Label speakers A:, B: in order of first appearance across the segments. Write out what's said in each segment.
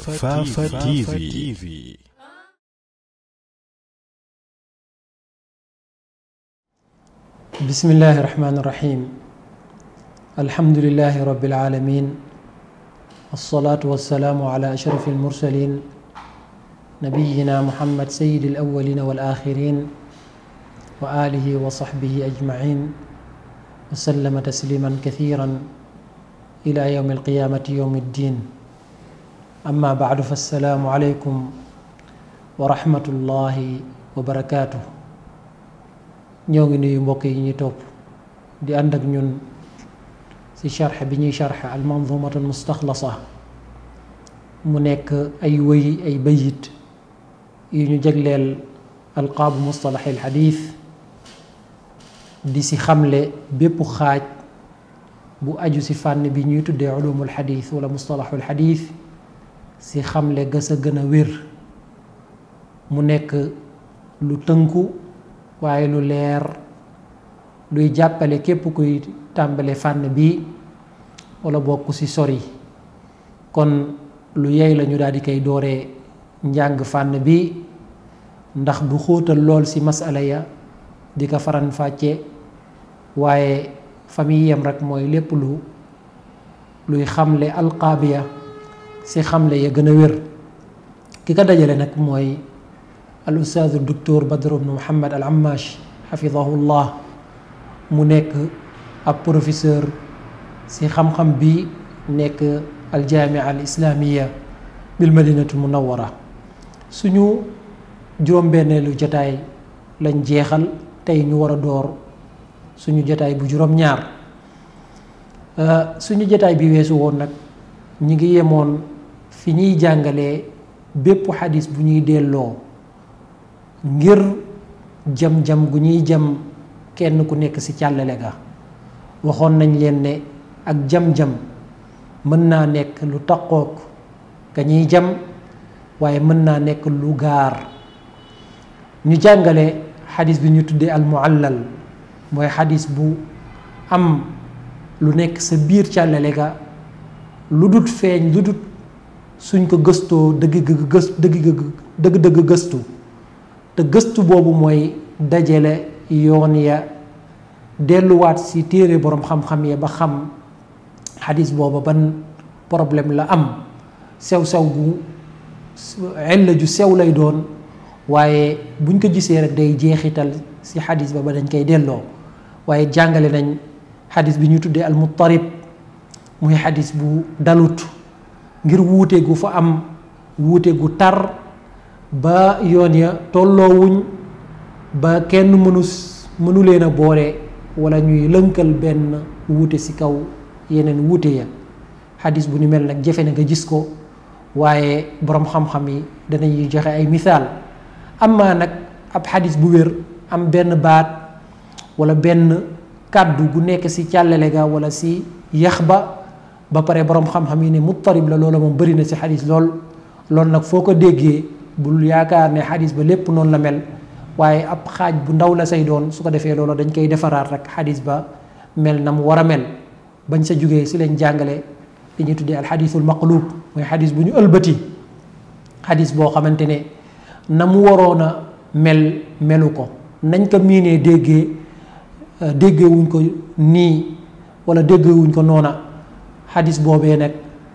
A: Fafa TV.
B: بسم الله الرحمن الرحيم الحمد لله رب العالمين الصلاة والسلام على أشرف المرسلين نبينا محمد سيد الأولين والآخرين وآله وصحبه أجمعين وسلم تسليما كثيرا إلى يوم القيامة يوم الدين amma baadu fa salaamu aleykum wa rahmatullahi wa barakaatu. ñoo ngi nuyu mbokk yi ñuy topp di ànd ak ñun ci sharx bi ñuy sharx al manzumatu al mustaxlasa mu nekk ay wëy ay bayit yu ñu jagleel alqaabu mustalax al di ci xamle bépp xaaj bu aju ci fànn bi ñuy tuddee ulumul xadiis wala mustalaxul xadiis si xamle gës a gën a wér mu nekk lu tënku waaye lu leer luy jàppale képp kuy tàmbale fànn bi wala bokk si sori kon lu yey la ñu daal di koy dooree njàng fànn bi ndax du xóotal lool ci masala ya di ko faran waaye famille yam rek mooy lépp lu luy xamle alqaabiya si xamle ya gën a wér ki ko dajale nag mooy al ustaadu docteur Badru bnu Muhammad al Ammash xafidahullah mu nekk ab professeur si xam-xam bi nekk al jaamia al islaamiya bil madinatu munawara suñu juróom jataay lañ jeexal tey ñu war a door suñu jataay bu juróom-ñaar euh, suñu jataay bi weesu woon nag ñi ngi yemoon fi ñuy jàngalee bépp xadis bu ñuy delloo ngir jam-jam gu ñuy jam kenn ku nekk ci càllale ga waxoon nañ leen ne ak jam-jam mën naa nekk lu taqoog ka ñuy jam waaye mën naa nekk lu gaar ñu jàngale xadis bi ñu tuddee almuallal mooy xadis bu am lu nekk sa biir càllale ga lu dut feeñ lu dut suñ ko gëstoo dëgg gëstu dëgg dëgg gëstu te gëstu boobu mooy dajale yoon ya delluwaat si téere boroom xam-xam ya ba xam xadis booba ban problème la am sew-sew bu illa ju sew lay doon waaye buñ ko gisee rek day jeexital si xadis ba ba dañ koy delloo waaye jàngale nañ xadis bi ñuy tuddee almutarib muy xadis bu dalut ngir wuute gu fa am wuute gu tar ba yoon ya tolloowuñ ba kenn mënu mënu leen a boole wala ñuy lënkal benn wuute ci kaw yeneen wuute ya xadis bu ñu mel nag jafe na nga gis ko waaye boroom xam-xam yi danañuy joxe ay misaal amaa nag ab xadis bu wér am benn baat wala benn kàddu gu nekk ci càllale ga wala ci yax ba ba pare borom xam-xam yi ne muttarib la loola moom bëri na si xadis lool loolu nag foo ko déggee bul yaakaar ne xadis ba lépp noonu la mel waaye ab xaaj bu ndaw la say doon su ko defee loola dañ koy defaraat rek xadis ba mel na mu war a mel bañ sa jugee si lañ jàngale li ñuy tuddee alxadisul maqlub mooy xadis bu ñu ëlbati xadis boo xamante ne na mu waroon a mel melu ko nañ ko miinee déggee euh, déggewuñ ko nii wala déggewuñ ko noona xadis boobee nag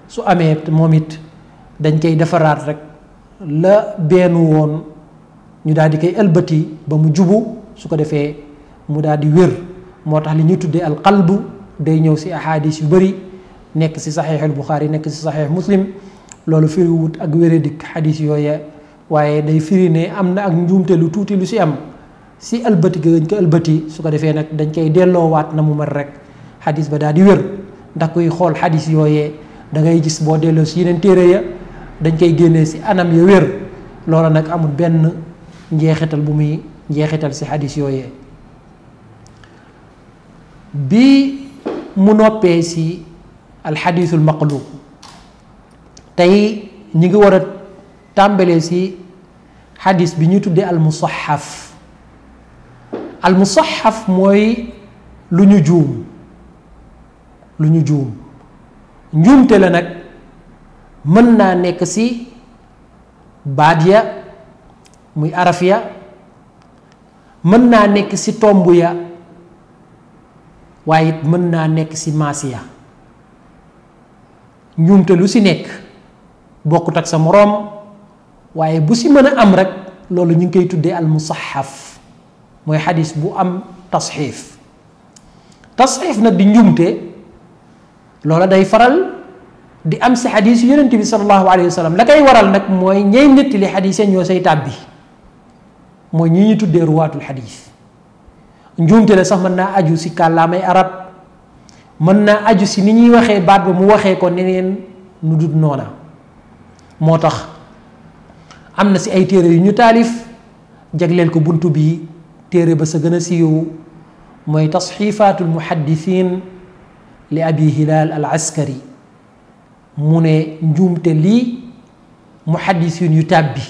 B: su amee moom it dañ koy defaraat rek la benn woon ñu daal di koy ëlbati ba mu jubu su ko defee mu daal di wér moo tax li ñuy tuddee alqalbu day ñëw si ahadis yu bëri nekk si saxiixul buxaari nekk si saxiix muslim loolu firi wut ak wéradik xadis yooya waaye day firi ne am na ak njuumte lu tuuti lu si am si ëlbati ga dañ ko ëlbati su ko defee nag dañ koy delloowaat na mu mën rek xadis ba daal di wér ndax kuy xool xadis yooyee da ngay gis boo delloo si yeneen téere ya dañ koy génnee si anam ya wér loola nag amul benn njeexital bu muy njeexital si xadis yooyee bi mu noppee si alxadisul maqlub tey ñi ngi war a tàmbalee si xadis bi ñu tuddee almusaxaf almusaxaf mooy lu ñu juum lu ñu juum njuumte la nag mën naa nekk ci baat ya muy araf ya mën naa nekk ci tomb ya waaye mën naa nekk ci maas ya njuumte lu si nekk bokkut ak sa moroom waaye bu si mën a am rek loolu ñu ngi koy tuddee al musaxaf mooy xadis bu am tasxiif tasxiif nag di njuumte loola day faral di am si xadis yu yonent bi sallallahu alayhi wa sallam la koy waral nag mooy ñey nettali xadis ñoo say tàbbi mooy ñi ñu tuddee ruwaatul xadis njuumte la sax mën naa aju si kàllaamay arab mën naa aju si ni ñuy waxee baat ba mu waxee ko neneen nu dut noona moo tax am na si ay téere yu ñu taalif jagleel ko bunt bi téere ba sa gën a siiw mooy tasxiifaatul muhaddisiin li abi hilaal al askari mu ne njuumte lii muhaddisiin yu bi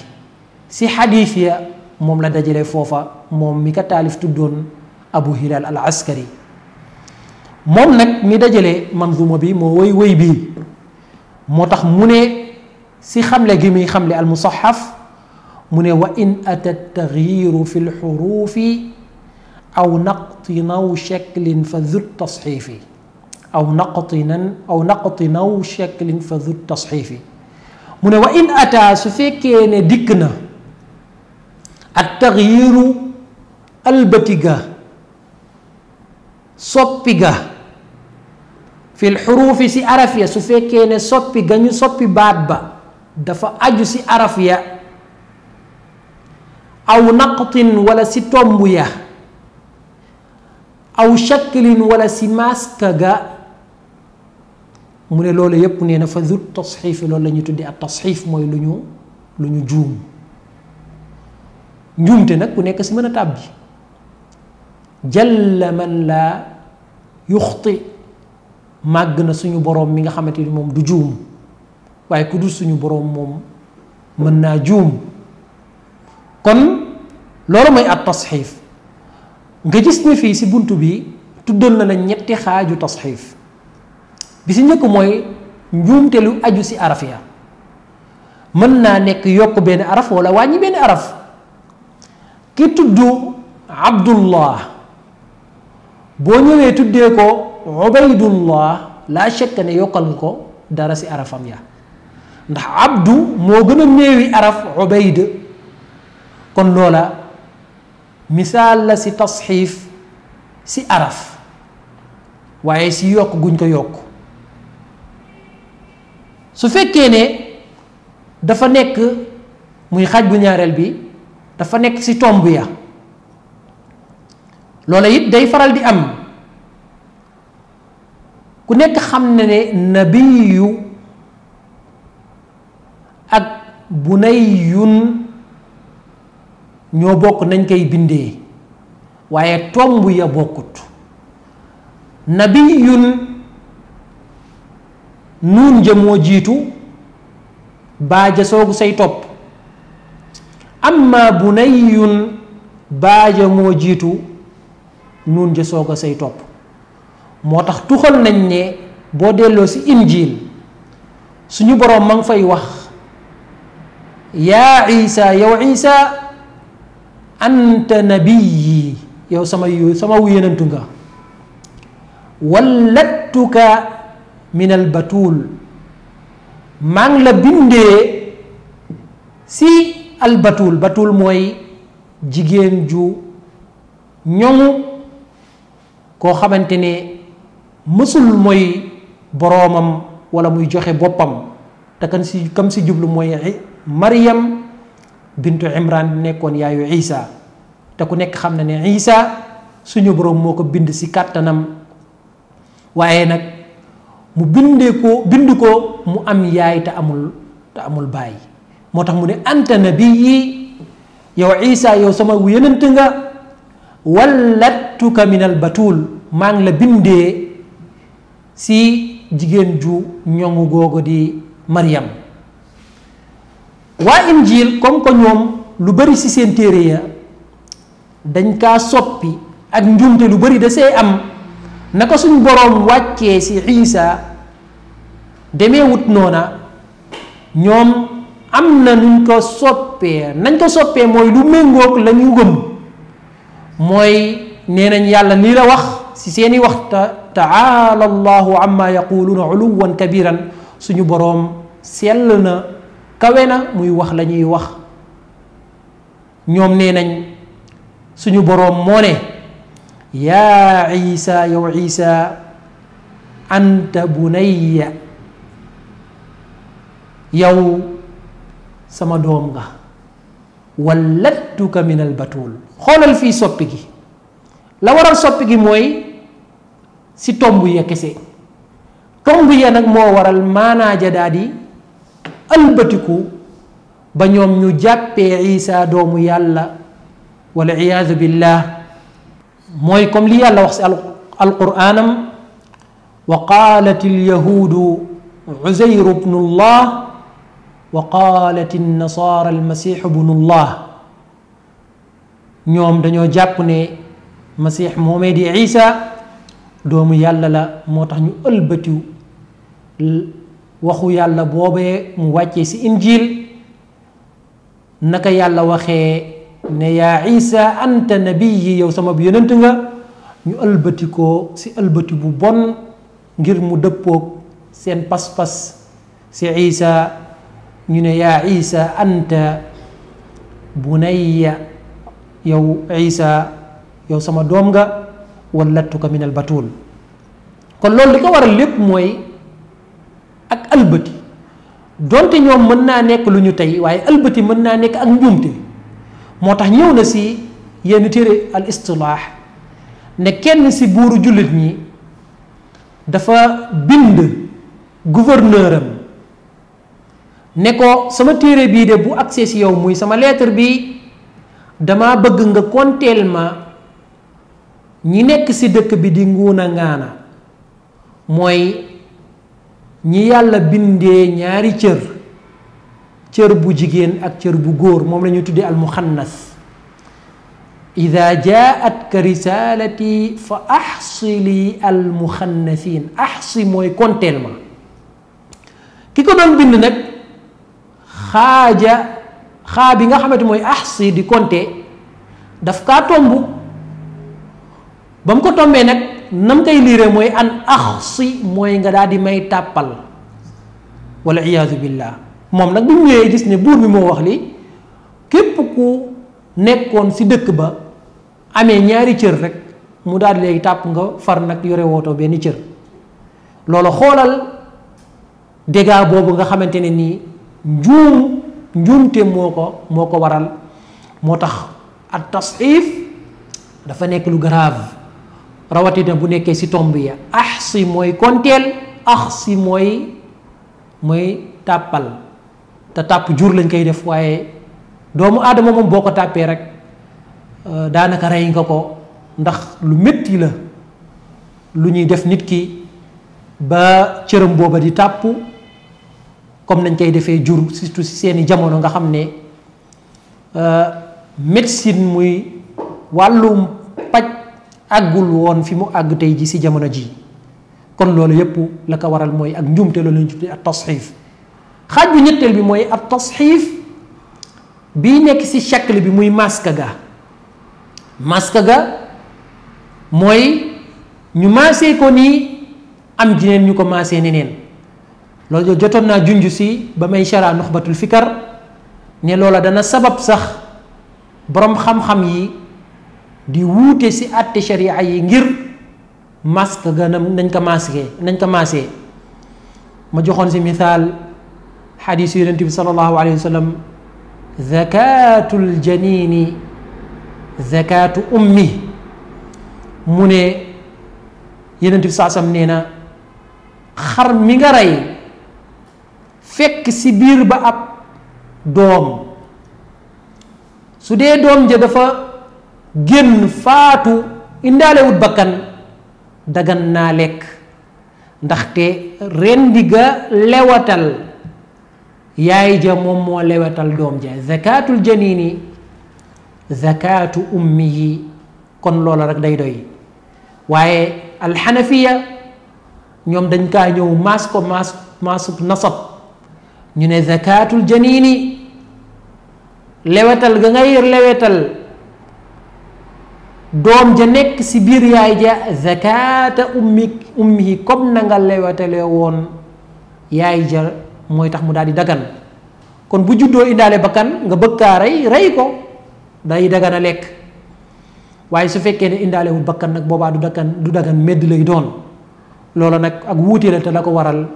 B: si xadiis ya moom la dajale foofa moom mi ka taalif tuddoon abu hilaal al askari moom nag mi dajale manzuma bi moo woy woy bii moo tax mu ne si xamle gi muy xamle al musaxaf mu ne wa in ata taxyiru fi lxuruufi aw naqti naw shaklin fa zut tasxiifi aw naqati aw naqati naw shaklin fa du tasxiifi mu ne wa in ataa su fekkee ne dikk na ak taxyiru albati ga soppi ga si araf su fekkee ne soppi ga ñu soppi baat ba dafa aju si arafiya ya aw naqtin wala si tomb ya aw shaklin wala si maska ga mu ne loolu yépp nee na fa zut tasxiif loolu la ñuy tuddee tasxiif mooy lu ñu lu ñu juum njuumte nag ku nekk si mën a tàbbi jalla man laa yuxti màgg na suñu borom mi nga xamante ni moom du juum waaye ku dul suñu boroom moom mën naa juum kon loolu mooy at tasxiif nga gis ne fii si bunt bi tuddal na la ñetti xaaju tasxiif bi si njëkk mooy njuumte lu aju si arafiya mën naa nekk yokk benn araf wala wàññi benn araf ki tudd abdullah boo ñëwee tuddee ko ubaydullah laa shakka ne yokkal nga ko dara ci arafam ya ndax abdu moo gën a néewi araf ubayd kon loola misaal la ci tasxiif ci araf waaye si yokk guñ ko yokk su fekkee ne dafa nekk muy xaaj bu ñaareel bi dafa nekk ci tomb ya loolo it day faral di am ku nekk xam na ne nabiyu ak bu bunayun ñoo bokk nañ koy bindee waaye tomb ya bokkut nabiyun nuun ja moo jiitu baaja soogu say topp amma bunayyun baaja moo jiitu nuun ja sooga say topp moo tax tuxal nañ ne boo delloo ci injiil suñu boroom ma ngi fay wax yaa isa yow isa anta yi yow sama yu sama yenantu nga wallattuka minal batuul maa la bindee si al batuul batuul mooy jigéen ju ñoŋu koo xamante ne mësul mooy boroomam wala muy joxe boppam te kan si kam si jublu mooy Maryam bintu Imran nekkoon yaayu Isa te ku nekk xam na ne Isa suñu boroom moo ko bind si kàttanam waaye nag mu bindee ko bind ko mu am yaay te amul te amul baay moo tax mu ne anta nabii yow isa yow sama yenent nga wallattuka minal batul maa ngi la bindee si jigéen ju ñoŋu googu di Maryam waa injil comme que ñoom lu bari ci seen téere ya dañ kaa soppi ak njuumte lu bari da see am naka suñ boroom wàccee ci Isa demee wut noona ñoom am na nuñ ko soppee nañ ko soppee mooy lu méngoog la ñu gëm mooy nee nañ yàlla lii la wax ci seeni wax taala allahu amma yaquluuna uluwan kabiran suñu boroom sell na kawe na muy wax la ñuy wax ñoom nee nañ suñu boroom moo ne yaa isa yow isa anta bunayya yow sama doom nga wallattuka min albatul xoolal fii soppi gi la waral soppi gi mooy si tomb ya kese tomb ya nag moo waral maanaa ja daa di ëlbatiku ba ñoom ñu jàppee isa doomu yàlla wal iyaadu billah mooy comme li yàlla wax si alquraanam wa qaalat alyahuudu uzayru bnu llah wa qaalat annasaara almasiixu bnu llah ñoom dañoo jàpp ne masiix moomee di isa doomu yàlla la moo tax ñu ëlbatiw waxu yàlla boobee mu wàccee si injiil naka yàlla waxee ne yaa isa anta nabiyi yow sama bi yonent nga ñu ëlbati ko si ëlbati bu bon ngir mu dëppook seen pas-pas si isa ñu ne yaa isa anta bunayya yow isa yow sama doom nga wallattuka min al batul kon loolu li ko waral lépp mooy ak ëlbati doonte ñoom mën naa nekk lu ñu tey waaye ëlbati mën naa nekk ak njuumte moo tax ñëw na si yenn téere al istilaax ne kenn si buuru jullit ñi dafa bind gouverneur am ne ko sama téere bii de bu agsee si yow muy sama lettre bi dama bëgg nga konteel ma ñi nekk si dëkk bi di nguuna ngaana mooy ñi yàlla bindee ñaari cër cër bu jigéen ak cër bu góor moom la ñuy tuddee al muxannas ida jaat ka risalati fa axsili al muxannasin axsi mooy konteel ma ki ko doon bind nag xaaja xaa bi nga xamante mooy axsi di konte daf kaa tomb ba mu ko tombee nag nam koy liire mooy an axsi mooy nga daal di may tàppal wala iyaadu billah moom nag bu ñu gis ne buur bi moo wax li képp ku nekkoon si dëkk ba amee ñaari cër rek mu daal léegi tàpp nga far nag yore wooto benn cër loolu xoolal dégâts boobu nga xamante ne nii njuum njuumte moo ko moo ko waral moo tax at tasxiif dafa nekk lu grave rawatina bu nekkee si tomb ya ax si mooy konteel ax si mooy mooy tàppal te tàpp jur lañ koy def waaye doomu aadama moom boo ko tàppee rek euh, daanaka rey nga ko ndax lu métti la lu ñuy def nit ki ba cëram booba di tàpp comme nañ koy defee jur surtout si seeni jamono nga xam ne euh, médecine muy wàllum paj àggul woon fi mu àgg tey ji si jamono ji kon loolu yépp la ko waral mooy ak njuumte loolu lañu tuddee ak tasxiif xaaj bu ñetteel bi mooy ab tasxiif bii nekk ci shakl bi muy masque ga masque ga mooy ñu maasee ko nii am jineen ñu ko maasee neneen loolu jotoon naa junj si ba may shara nuxbatul fikar ne loola dana sabab sax boroom xam-xam yi di wuute si àtte sharia yi ngir masque ga nañ ko masqué nañ ko maasee ma joxoon si misaal xadiis yu yonent bi sallallahu alayhi wa sallam zakaatul zakaatu ummi mu ne yonent bi saa nee na xar mi nga rey fekk si biir ba ab doom su dee doom ja dafa génn faatu indaalewut bakkan dagan naa lekk ndaxte rendi ga lewatal yaay ja moom moo lewetal doom ja zakatul janini zakatu ummi kon loola rek day doy waaye alxanafiya ñoom dañ kaa ñëw maas ko maas nasab ñu ne zakatul janini lewetal ga ngay lewetal doom ja nekk si biir yaay ja zakata ummi ummi yi comme na woon yaay ja mooy tax mu daal di dagan kon bu juddoo indaale bakkan nga bëgg kaa rey rey ko day dagan a lekk waaye su fekkee ne indaalewul bakkan nag boobaa du dagan du dagan medd lay doon loola nag ak wuute la te la ko waral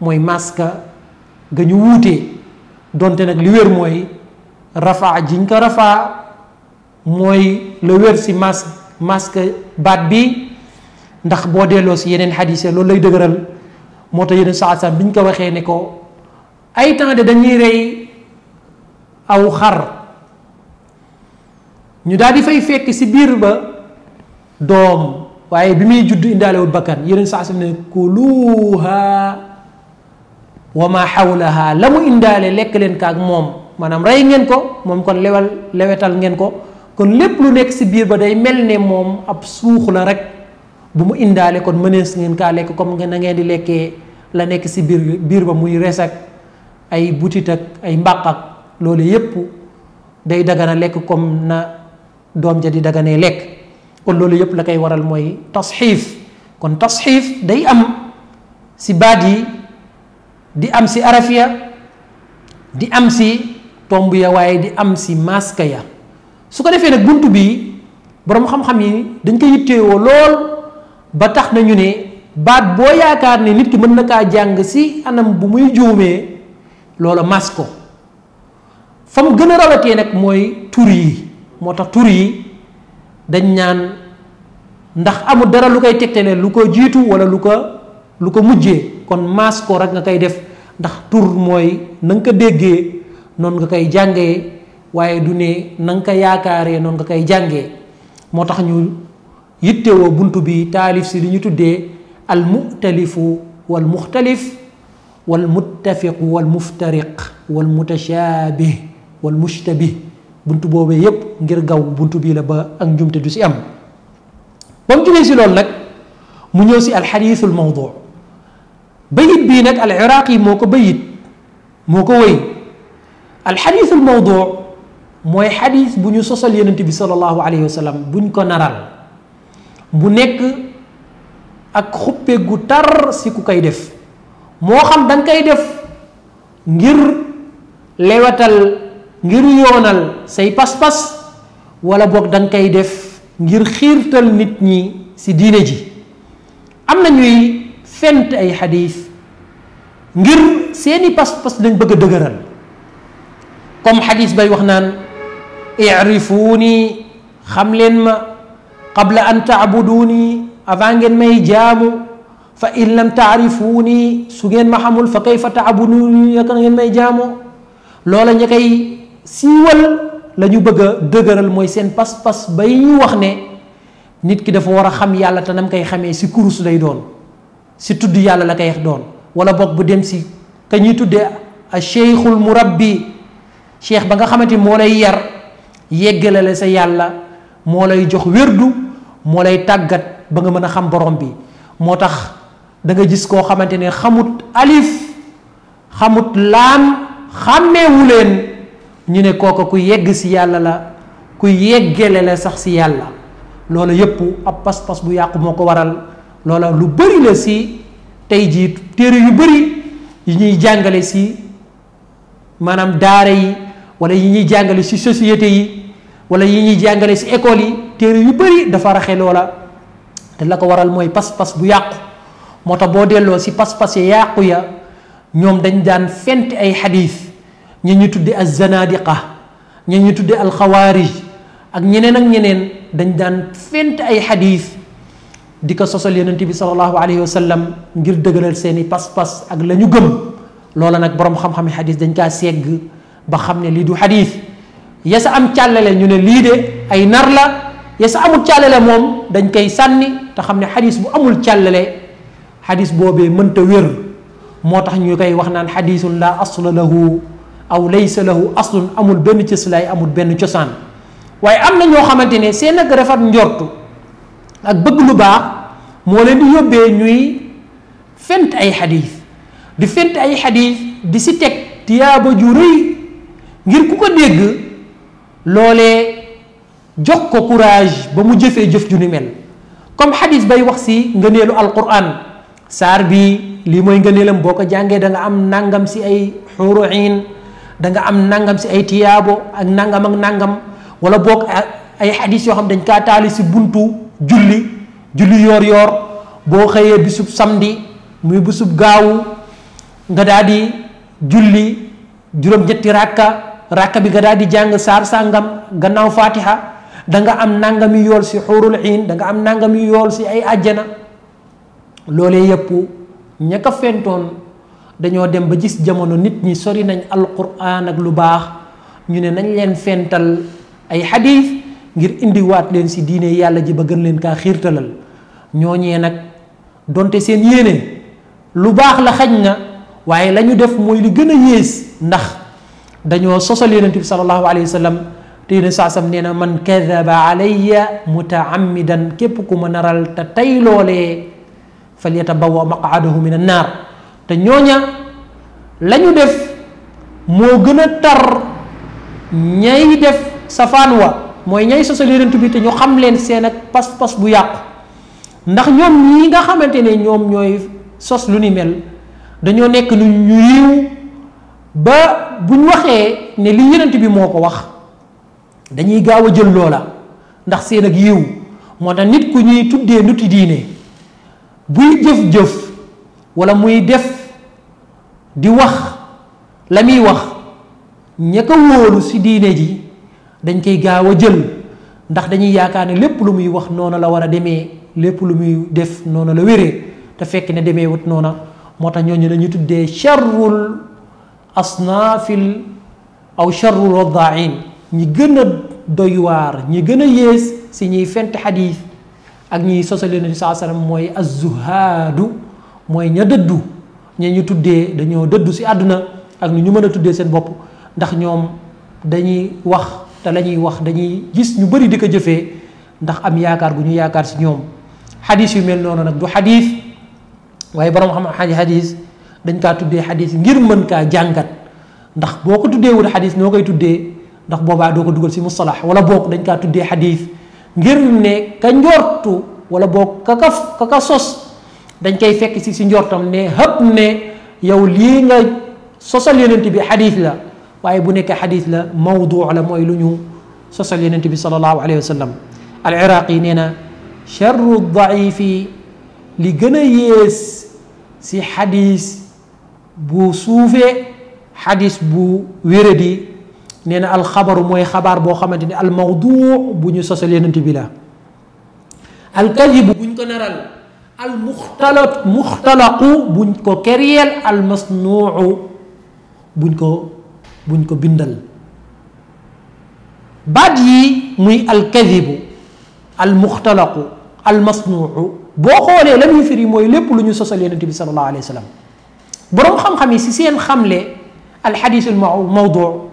B: mooy maska ga ñu wuute donte nag li wér mooy rafaa jiñ ko rafaa mooy la wér si mas masque baat bi ndax boo delloo si yeneen xadiis loolu lay dëgëral moo tax yeneen saa saa biñ ko waxee ne ko ay temps de dañuy rey aw xar ñu daal di fay fekk ci biir ba doom waaye bi muy judd indaalewul bakkan yeneen saa sam ne kuluha wa ma xawlaha la mu indaale lekk leen kaak moom maanaam rey ngeen ko moom kon lewal lewetal ngeen ko kon lépp lu nekk ci biir ba day mel ne moom ab suux la rek bu mu indaale kon mënees ngeen kaa lekk comme na ngeen di lekkee la nekk ci biir biir ba muy res ak ay butit ak ay mbàq ak loolu yépp day dagana lekk comme na doom ja di daganee lekk kon loolu yépp la koy waral mooy tasxiif kon tasxiif day am si baat yi di am si araf ya di am si tomb ya waaye di am si maska ya su ko defee nag bunt bi boroom xam-xam yi dañ ko yitteewoo lool ba tax nañu ne baat boo yaakaar ne nit ki mën na kaa jàng si anam bu muy juumee loola mas ko fa mu gën a rawatee nag mooy tur yi moo tax tur yi dañ ñaan ndax amul dara lu koy tegtale lu ko jiitu wala lu ko lu ko mujjee kon mas ko rek nga koy def ndax tur mooy nanga ko déggee noonu nga koy jàngee waaye du ne na ko yaakaaree noonu nga koy jàngee moo tax ñu yittewoo bunt bi taalif si li ñu tuddee almutalifu wal muxtalif wal muttafiq wal muftariq wal mutashaabih wal mushtabih buntu boobee yépp ngir gaw buntu bii la ba ak njumte du si am ba mu jógee si loolu nag mu ñëw si alxadiisul mawdu bayit bii nag al iraaqi moo ko bayit moo ko mooy xadiis bu ñu sosal yonent bi sallallahu alayhi wa sallam buñ ko naral bu nekk ak xuppe gu tar si ku koy def moo xam da koy def ngir lewetal ngir yoonal say pas-pas wala boog da koy def ngir xiirtal nit ñi ci diine ji am na ñuy fent ay xadiis ngir seeni pas-pas dañ bëgg a dëgëral comme xadiis bay wax naan irifuuni xam leen ma qabla an taabuduuni avant ngeen may jaamu fa in lam taarifuuni su ngeen ma xamul fa kayfa taabuduni naka ngeen may jaamoo loola ña koy siiwal la ñu bëgg dëgëral mooy seen pas-pas bay ñu wax ne nit ki dafa war a xam yàlla te nam koy xamee si kurus lay doon si tudd yàlla la koy doon wala boog bu dem si ka ñuy tuddee a cheikhul murabbi cheikh ba nga xamante moo lay yar yeggale sa yàlla moo lay jox wérdu moo lay tàggat ba nga mën a xam borom bi moo tax da nga gis koo xamante ne xamut alif xamut laam xàmmeewu leen ñu ne kooka ku yegg si yàlla la ku yeggele la sax si yàlla loola yépp ab pas-pas bu yàqu moo ko waral loola lu bari la si tey jiit téere yu bari yi ñuy jàngale si maanaam daara yi wala yi ñuy jàngale si société yi wala yi ñuy jàngale si école yi téere yu bari dafa raxe loola te la ko waral mooy pas-pas bu yàqu moo tax boo delloo si pas-pas ya yàqu ya ñoom dañ daan fenti ay xadiis ñi ñu tudde alzanadiqa ñi ñu tudde alxawaarij ak ñeneen ak ñeneen dañ daan fent ay xadiis di ko sosal yonent bi salallahu alayhi wa sallam ngir dëgëral seeni pas-pas ak la ñu gëm loola nag boroom xam-xami xadiis dañ kaa segg ba xam ne lii du xadiis ya sa am càllale ñu ne lii de ay nar la ya sa amul càllale moom dañ koy sànni te xam ne xadiis bu amul càllale xadis boobee mënta wér moo tax ñu koy wax naan xadisun laa asla lahu aw laysa lahu aslun amul benn cëslaay amul benn cosaan waaye am na ñoo xamante ne seen ak rafet njortu ak bëgg lu baax moo leen di yóbbee ñuy fent ay xadis di fent ay xadis di si teg tiyaaba ju rëy ngir ku ko dégg loole jox ko courage ba mu jëfee jëf ju ni mel comme xadis bay wax si ngëneelu alquran saar bi lii mooy ngëneelam boo ko jàngee danga am nangam si ay xuuru iin da am nangam si ay tiyaabo ak nangam ak nangam wala boog ay xadis yoo xam dañ kaa taali si buntu julli julli yoor-yoor boo xëyee bisub samedi muy bisub gaawu nga daal di julli juróom-ñetti rakka rakka bi nga daal di jàng saar sàngam gannaaw fatiha danga nga am nangami yool si xuurul iin da nga am nangami yool si ay àjjana loole yëpp ña ka fentoon dañoo dem ba gis jamono nit ñi sori nañ alquran ak lu baax ñu ne nañ leen fental ay xadiis ngir indiwaat leen si diine yàlla ji ba gën leen kaa xiirtalal ñoo ñooñee nag donte seen yéene lu baax la xaj na waaye lañu def mooy li gën a yées ndax dañoo sosal yonent bi sallallahu alayhi wa sallam te yonent saa sam nee na man kadaba alayya mutaammidan képp ku ma naral te tey loolee falyatabawwa maqaadahu min naar te ñooña la ñu def moo gën a tar ñay def safaan wa mooy ñay sosal yonent bi te ñu xam leen seen ak pas-pas bu yàqu ndax ñoom ñi nga xamante ne ñoom ñooy sos lu ni mel dañoo nekk lu ñu yiw ba buñ waxee ne li yonent bi moo ko wax dañuy gaaw a jël loola ndax seen ak yiw moo tax nit ku ñuy tuddee nuti diine buy jëf-jëf wala muy def di wax la muy wax ña ko wóolu si diine ji dañ koy gaaw a jël ndax dañuy yaakaar ne lépp lu muy wax noonu la war a demee lépp lu muy def noonu la wéree te fekk ne demee wut noona moo tax ñooñu dañuy tuddee charrul asnaafil aw charrul waddaain ñi gën a doy ñi gën a yées si ñuy fent xadiis ak ñiy sosal yonent bi saa salaam mooy azzuhaadu mooy ña dëddu ña ñu tuddee dañoo dëddu si àdduna ak ñu ñu mën a tuddee seen bopp ndax ñoom dañuy wax te lañuy wax dañuy gis ñu bëri di ko jëfee ndax am yaakaar gu ñu yaakaar si ñoom xadis yu mel noonu nag du xadis waaye borom xam xadis dañ kaa tuddee xadis ngir mën kaa jàngat ndax boo ko tuddee wut xadis noo koy tuddee ndax boobaa doo ko dugal si mustalax wala boog dañ kaa tuddee xadis ngir ne ka njortu wala boo ka ka sos dañ koy fekk si si njortam ne xëpp ne yow lii nga sosal yonent bi xadis la waaye bu nekk xadis la mawdu la mooy lu ñu sosal yonent bi salallahu alayhi wa sallam al iraqi nee na charru daifi li gën a yées si xadis bu suufee xadis bu wéradi nee na alxabaru mooy xabaar boo xamante ni almawdu bu ñu sosal yenent bi la alkadibu buñ ko naral almuxtalaq muxtalaqu buñ ko keriyeel almasnuu buñ ko buñ ko bindal baat yi muy alkadibu almuxtalaqu almasnuu boo xoolee la muy firi mooy lépp lu ñu sosal yenent bi sallallahu alayhi wa sallam boroom xam-xam yi si seen xamle alxadiisul mawdu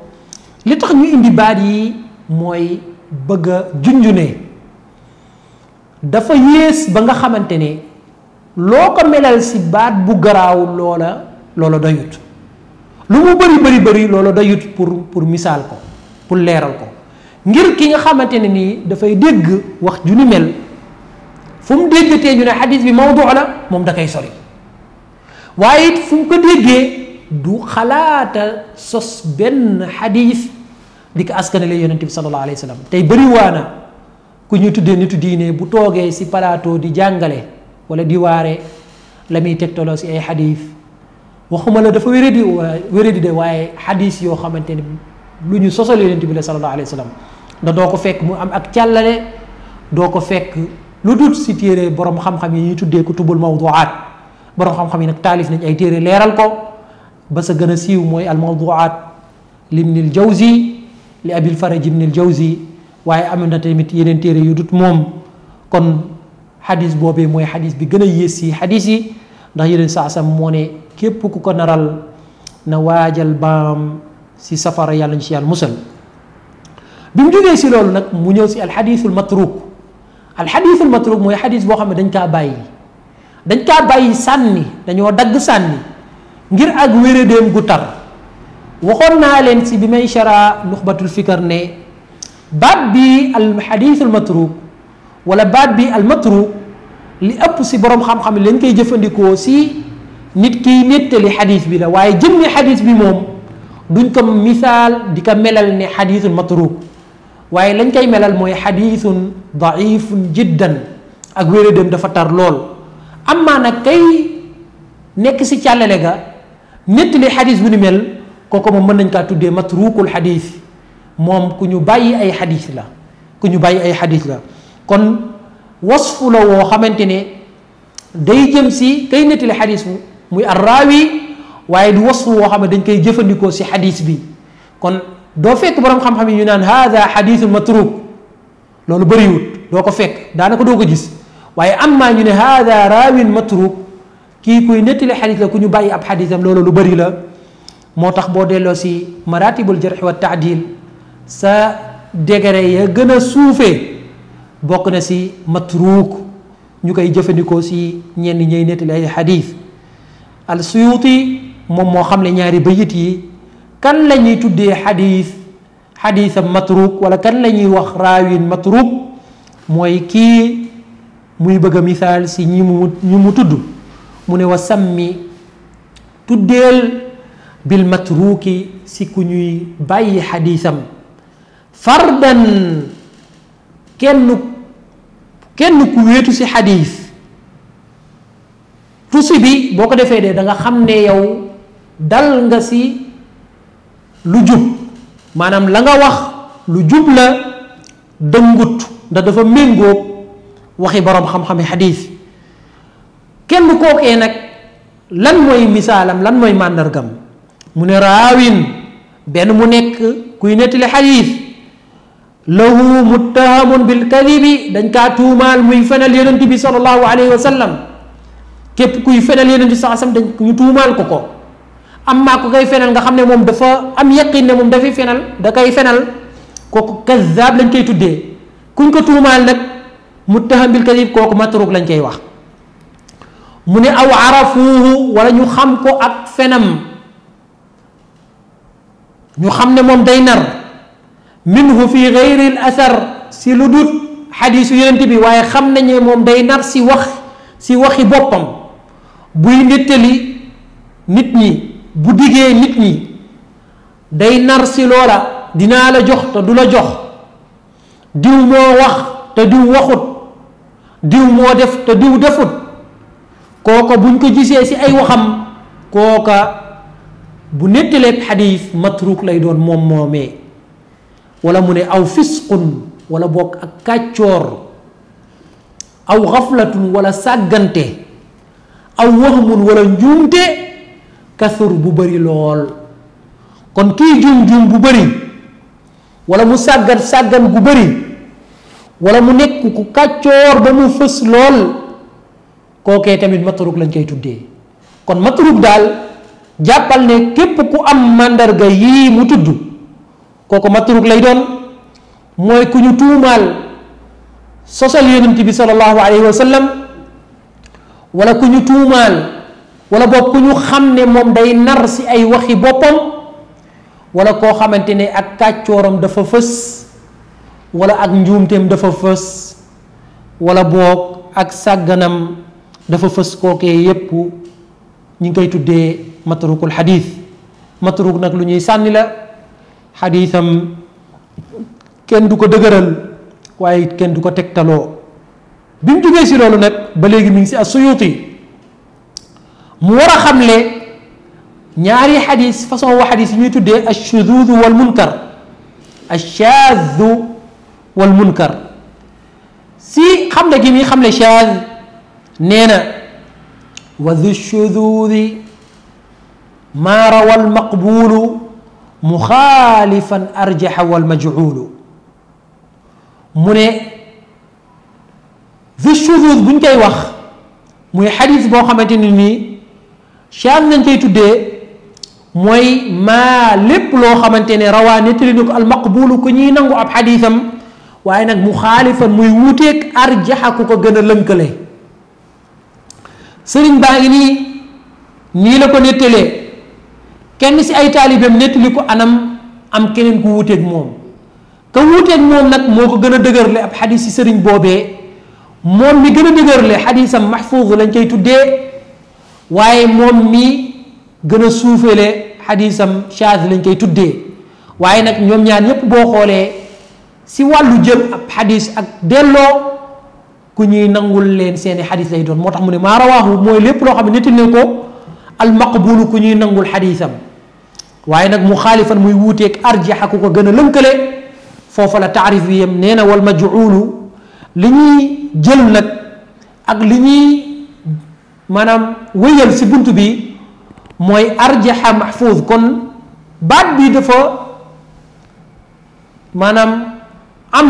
B: li tax ñu indi baat yi mooy bëgg a junju ne dafa yées ba nga xamante ne loo ko melal si baat bu garaaw loola loola doyut lu mu bari bëri bëri loola doyut pour pour misaal ko pour leeral ko ngir ki nga xamante ne nii dafay dégg wax ju ni mel fu mu déggatee ñu ne xadis bi mawdu la moom da koy sori waaye fu mu ko déggee du xalaata sos benn xadiis di ko askanale yonent bi sallallahu alayhi wa sallam tey bëriwaana ku ñu tuddee nitu diine bu toogee si plateau di jàngale wala di waare la muy tegtaloo si ay xadiis waxuma la dafa wéradi wéradi de waaye xadiis yoo xamante ni lu ñu sosal yonent bi la sallallahu alayhi wa sallam ndax doo ko fekk mu am ak càllale doo ko fekk lu dut si téere borom xam-xam yi ñuy tuddee kutubul mawduaat borom xam-xam yi nag taalif nañ ay téere leeral ko. ba sa gën a siiw mooy almawduat libnil jawzi li abil faraj ibnil jawzi waaye am na tamit yeneen téere yu dut moom kon xadis boobee mooy xadis bi gën a yées si xadis yi ndax yeneen saasam moo ne képp ku ko naral na waajal baam si safara yàlla ñu si yàlla musal bi mu jógee si loolu nag mu ñëw si alxadisul matruk alxadisul matruk mooy xadis boo xam ne dañ kaa bàyyi dañ kaa bàyyi sànni dañoo dagg sànni ngir ak wéradéem gu tar waxoon naa leen si bi may shara nuxbatul fikar ne baat bi al xadiisul matruk wala baat bi al matruk li ëpp si boroom xam-xam yi koy jëfandikoo si nit kiy nettali xadiis bi la waaye jëmmi xadiis bi moom duñ ko misaal di ko melal ne xadiisul matruk waaye lañ koy melal mooy xadiisun daifun jiddan dafa tar lool amaa nag kay nekk ci càllale ga nettali xadis bu ni mel kooku moom mën nañ kaa tuddee matruukul xadis moom ku ñu bàyyi ay xadiis la ku ñu bàyyi ay xadis la kon wasfu la woo xamante ne day jëm si kay nettali xadis bu muy arraawi waaye du wasfu woo xam ne dañ koy jëfandikoo si xadis bi kon doo fekk borom xam-xam yi ñu ne haada xadiisu matruuk loolu bëriwut doo ko fekk daanaka doo ko gis waaye am maa ñu ne haada raawin matruuk kii kuy nettali xadis la ku ñu bàyyi ab xadisam loolu lu bari la moo tax boo delloo si maratibul jarxi wa sa degré ya gën a suufee bokk na si matruuk ñu koy jëfandikoo si ñenn ñay nettali ay xadis moom moo xam ne ñaari bayit yi kan la ñuy tuddee xadis xadisam matruuk wala kan la ñuy wax raawin matruuk mooy kii muy bëgg a misaal si ñi mu ñi mu tudd mu ne wa sammi tuddeel bil matruuki si ku ñuy bàyyi xadiisam fardan kenn kenn ku wéetu si xadiis tusi bi boo ko defee de da nga xam ne yow dal nga si lu jub maanaam la nga wax lu jub la dëngut ndax dafa méngóog waxi boroom xam-xami xadiis kenn kookee nag lan mooy misaalam lan mooy màndargam mu ne raawin benn mu nekk kuy nettali xadiis lahu muttahamun bil kadibi dañ kaa tuumaal muy fenal yonent bi sallallahu alayhi wa sallam képp kuy fenal yonent bi sax alayhi wa sallam ñu tuumaal ko ko amma ku koy fenal nga xam ne moom dafa am yaqin ne moom dafay fenal da koy fenal kooku kazaab lañ koy tuddee kuñ ko tuumaal nag muttaham bil kadib kooku matruk lañ koy wax mu ne aw arafuuhu wala ñu xam ko ak fenam ñu xam ne moom day nar minhu fi gayri al asar si lu dut xadiisu yonent bi waaye xam nañu moom day nar si wax si waxi boppam buy nettali nit ñi bu diggee nit ñi day nar si loola dinaa la jox te du la jox diw moo wax te diw waxut diw moo def te diw defut kooka buñ ko gisee ci ay waxam kooka bu nettalee xadiis matruk lay doon moom moomee wala mu ne aw fisqun wala bokk ak kàccoor aw xaflatun wala sàggante aw waxmun wala njuumte kasur bu bari lool kon kii juum juum bu bari wala mu sàggan sàggan gu bari wala mu nekk ku kàccoor ba mu fës lool kookee tamit matruk lañ koy tuddee kon matruk daal jàppal ne képp ku am màndarga yii mu tudd kooku matruk lay doon mooy ku ñu tuumaal sosal yonent bi sallallahu alayhi wa sallam wala ku ñu tuumaal wala boog ku ñu xam ne moom day nar si ay waxi boppam wala koo xamante ne ak kàccooram dafa fës wala ak njuumteem dafa fës wala boog ak sàgganam dafa fës kookee yépp ñu ngi koy tuddee matrukul xadiis matruk nag lu ñuy sànni la xadiisam kenn du ko dëgëral waaye kenn du ko tegtaloo bi mu jógee si loolu nag ba léegi mi ngi si as-Suyuti mu war a xamle ñaari xadiis façon wa xadiis yi ñuy tuddee ash-shuduudu wal munkar ash-shaadhu wal munkar si xamle gi muy xamle shaadh nee na wa du shuduudi maa rawa almaqbuulu muxaalifan arjaxa walmajcuulu mu ne du shuduud buñ koy wax muy xadis boo xamante ni nii shaad nañ koy tuddee mooy maa lépp loo xamante ne rawaa nettali ni ko almaqbuulu ku ñuy nangu ab xadisam waaye nag muxaalifan muy wuuteeg arjaxa ku ko gën a lënkale sëriñ baa ngi nii nii la ko nettalee kenn si ay taalibeem nettali ko anam am keneen ku wuuteeg moom ka wuuteeg moom nag moo ko gën a dëgërle ab xadis ci sëriñ boobee moom mi gën a dëgërle xadisam maxfuuz lañ koy tuddee waaye moom mi gën a suufele xadisam shaaz lañ koy tuddee waaye nag ñoom ñaan ñépp boo xoolee si wàllu jël ab xadis ak delloo ku ñuy nangul leen seeni xadis lay doon moo tax mu ne maa rawaahu mooy lépp loo xam ne nettali nañ ko almaqbulu ku ñuy nangul xadisam waaye nag mu xaalifan muy wuuteeg arjaxa ku ko gën a lënkale foofa la taarif bi yem nee na wal majulu li ñuy jël nag ak li ñuy maanaam wéyal si bunt bi mooy arjaxa mahfuuz kon baat bi dafa maanaam am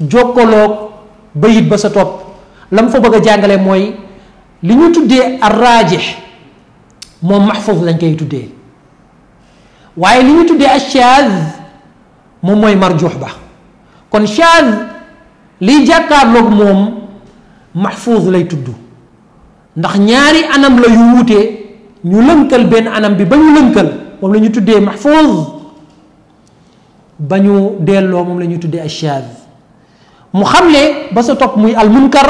B: jokkaloog bayit ba sa topp lam fa bëgg a jàngale mooy li ñu tuddee ar raajix moom maxfuuf lañ koy tuddee waaye li ñu tuddee ashaaz moom mooy marjuux ba kon shaaz liy jàkkaarloog moom maxfuuf lay tudd ndax ñaari anam la yu wuute ñu lënkal benn anam bi ba ñu lënkal moom la ñu tuddee maxfuuf ba ñu delloo moom la ñu tuddee ashaaz
A: mu xamle
B: ba sa topp muy almunkar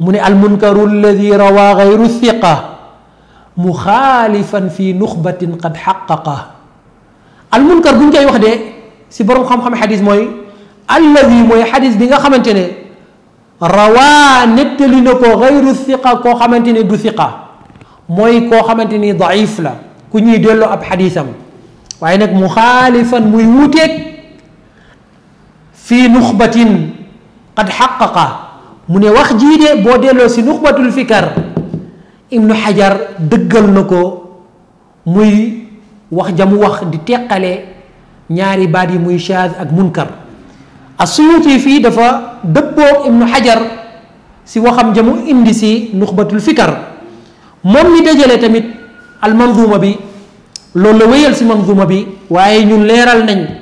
B: mu ne almunkaru alladi rawaa gayru thiqa muxaalifan fi nuxbatin qad xaqaqa almunkar bu ñu koy wax de si borom xam-xam xadis mooy alladi mooy xadis bi nga xamante ne rawaa nettali na ko gayru thiqa koo xamante ne du thiqa mooy koo xamante ni daif la ku ñuy delloo ab xadisam waaye nag muxaalifan muy wuuteeg fii nuxbatin qad xaqaqa mu ne wax jii de boo delloo si nuxbatul fikar ibnu xajar dëggal na ko muy wax jamu wax di teqale ñaari baat yi muy shaaz ak munkar asuyuti fii dafa dëppoog ibnu xajar si waxam jamu indi si nuxbatul fikar moom mi dajale tamit almanzuma bi loolu la wéyal si manzuma bi waaye ñun leeral nañ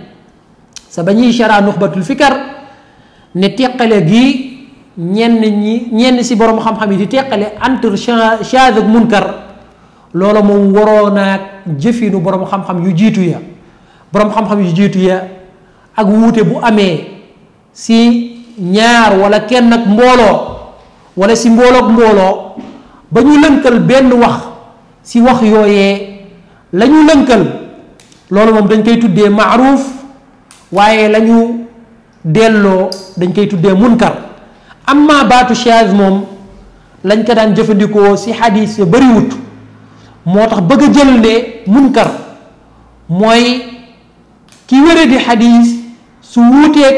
B: sa ba ñuy chara nuxbatul fikar ne teqale gi ñenn ñi ñenn si boroom xam-xam yi di teqale entre shaaz ak munkar loola moom waroon ak jëfinu boroom xam-xam yu jiitu ya boroom xam-xam yu jiitu ya ak wuute bu amee si ñaar wala kenn ak mbooloo wala si mbooloo mbooloo ba ñu lënkal benn wax si wax yooyee la lënkal loolu moom dañ koy tuddee maaruuf waaye lañu delloo dañ koy tuddee munkar amma baatu shaaz moom lañ ko daan jëfandikoo si xadis ya bariwut moo tax bëgg a jël ne munkar mooy ki wére di xadis su wuuteeg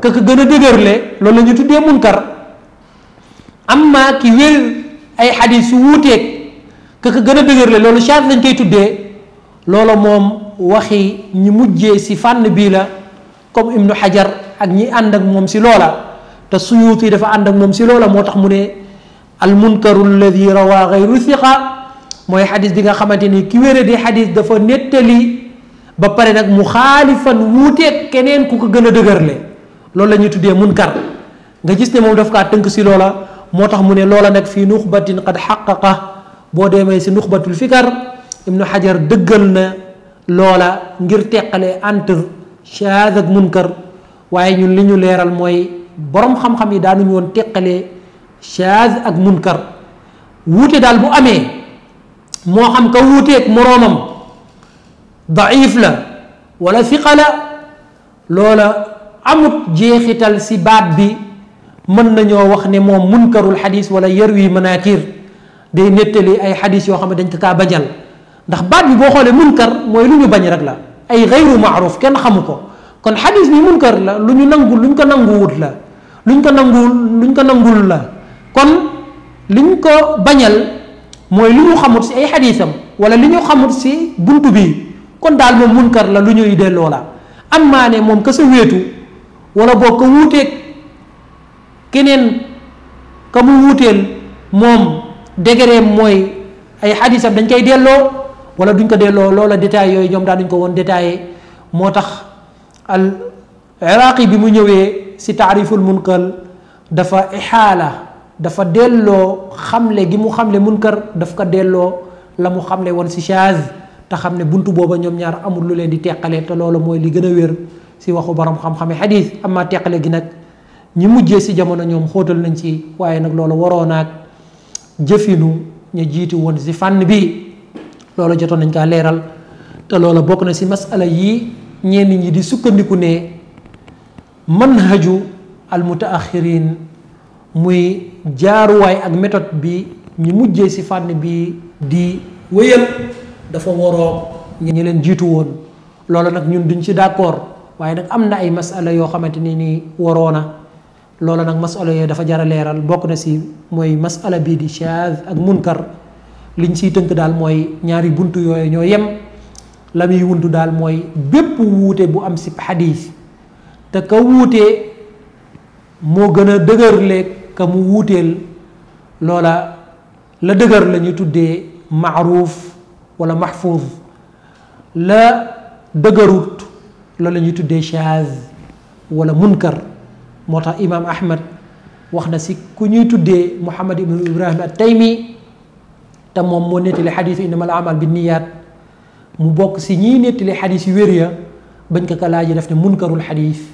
B: ka ko gën a dëgërle loolu la tuddee munkar amma ki ay xadis su wuuteeg ka ko gën a dëgërle loolu shaaz lañ koy tuddee loolu moom waxi ñi mujjee si fànn bii la comme ibnu xajar ak ñi ànd ak moom si loola te suyuuti dafa ànd ak moom si loola moo tax mu ne almunkaru alladi rawaa gayru thiqa mooy xadis bi nga xamante ni ki wére di dafa nettali ba pare nag mu xaalifan wuuteeg keneen ku ko gën a dëgërle loolu la ñuy tuddee munkar nga gis ne moom daf kaa tënk si loola moo tax mu ne loola nag fii nuxbatin qad xaqaqa boo demee si nuxbatul fikar ibnu xajar dëggal na loola ngir teqale entre shaaz ak munkar waaye ñun li ñu leeral mooy boroom xam-xam yi daanuñu woon teqale shaaz ak munkar wuute daal bu amee moo xam ka wuuteeg moroomam daif la wala siqa la loola amut jeexital si baat bi mën nañoo wax ne moom munkarul xadis wala yar wi manakir day nettali ay xadis yoo xam ne dañ ko kaa bañal ndax baat bi boo xoolee munkar mooy lu ñu bañ rek la ay xayru maaruf kenn xamu ko kon xadis bi munkar la lu ñu nangu lu ñu ko nanguwut la luñ ko nanguwul luñ ko nangul la kon ko bañal mooy lu ñu xamut si ay xadisam wala li ñu xamut si bunt bi kon daal moom munkar la lu ñuy delloo la am maa ne moom ka sa wéetu wala boo ko wuuteeg keneen ka mu wuuteel moom degereem mooy ay xadisam dañ koy delloo wala duñ ko delloo loola détails yooyu ñoom daanuñ ko woon détaillé moo tax al iraqi bi mu ñëwee si taariful munkar dafa xaala dafa delloo xamle gi mu xamle kër daf ko delloo la mu xamle woon si chase te xam ne buntu booba ñoom ñaar amul lu leen di teqale te loolu mooy li gën a wér si waxu borom xam yi xadiis amaa teqale gi nag ñi mujjee si jamono ñoom xóotal nañ ci waaye nag loolu waroo naag jëfinu ñu jiitu woon si fànn bi loola jotoon nañ kaa leeral te loola bokk na si masala yii ñenn ñi di sukkandiku ne manhaju al mutaaxirin muy jaaruwaay ak méthode bi ñu mujjee si fànn bi di wéyal dafa waroo ñi leen jiitu woon loola nag ñun duñ ci d'accord waaye nag am na ay masala yoo xamante ni ni waroo na loola nag masala yooyu dafa jara leeral bokk na si mooy masala bii di shaaz ak munkar liñ siy tënk daal mooy ñaari bunt yooyu ñoo yem la muy wuntu daal mooy bépp wuute bu am si xadiis te ka wuute moo gën a dëgërle ka mu wuuteel loola la dëgër lañuy ñu tuddee maaruuf wala mahfuuz la dëgërut la ñu tuddee shaaz wala munkar moo tax imaam Ahmad wax na si ku ñuy tuddee Muhammad ibnu Ibrahim at-Taymi te moom moo nettali xadiis innamal a'maal binniyaat mu bokk si ñiy nettali xadiis yu wér ya bañ ko ko laajee def ne mun munkarul xadiis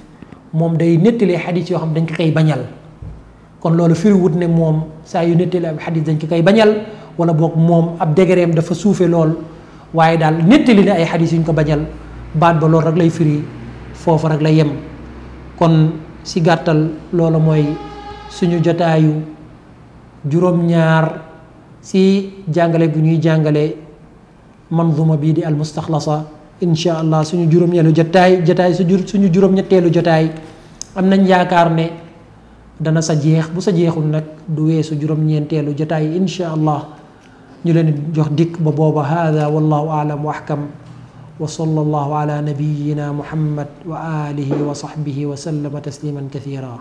B: moom day nettali xadiis yoo xam dañ ko koy bañal kon loolu firiwut ne moom saa yu nettali ab dañ ko kay bañal wala boog moom ab degereem dafa suufe lool waaye daal nettali na ay xadiis yuñ ko bañal baat ba loolu rek lay firi foofu rek la yem kon si gàttal loolu mooy suñu jotaayu juróom-ñaar si jàngale bu ñuy jàngale manzuma bii di almustaxlasa incha allah suñu juróom-ñeelu jotaay suñu juróom-ñetteelu jotaay am nañ yaakaar ne dana sa jeex bu sa jeexul nag du weesu juróom-ñeenteelu jotaay incha ñu leen jox dikk ba booba hada wallahu aalam wa axkam wa sallallahu ala nabiyina muhammad wa alihi wa sahbihi wa sallama tasliman kathira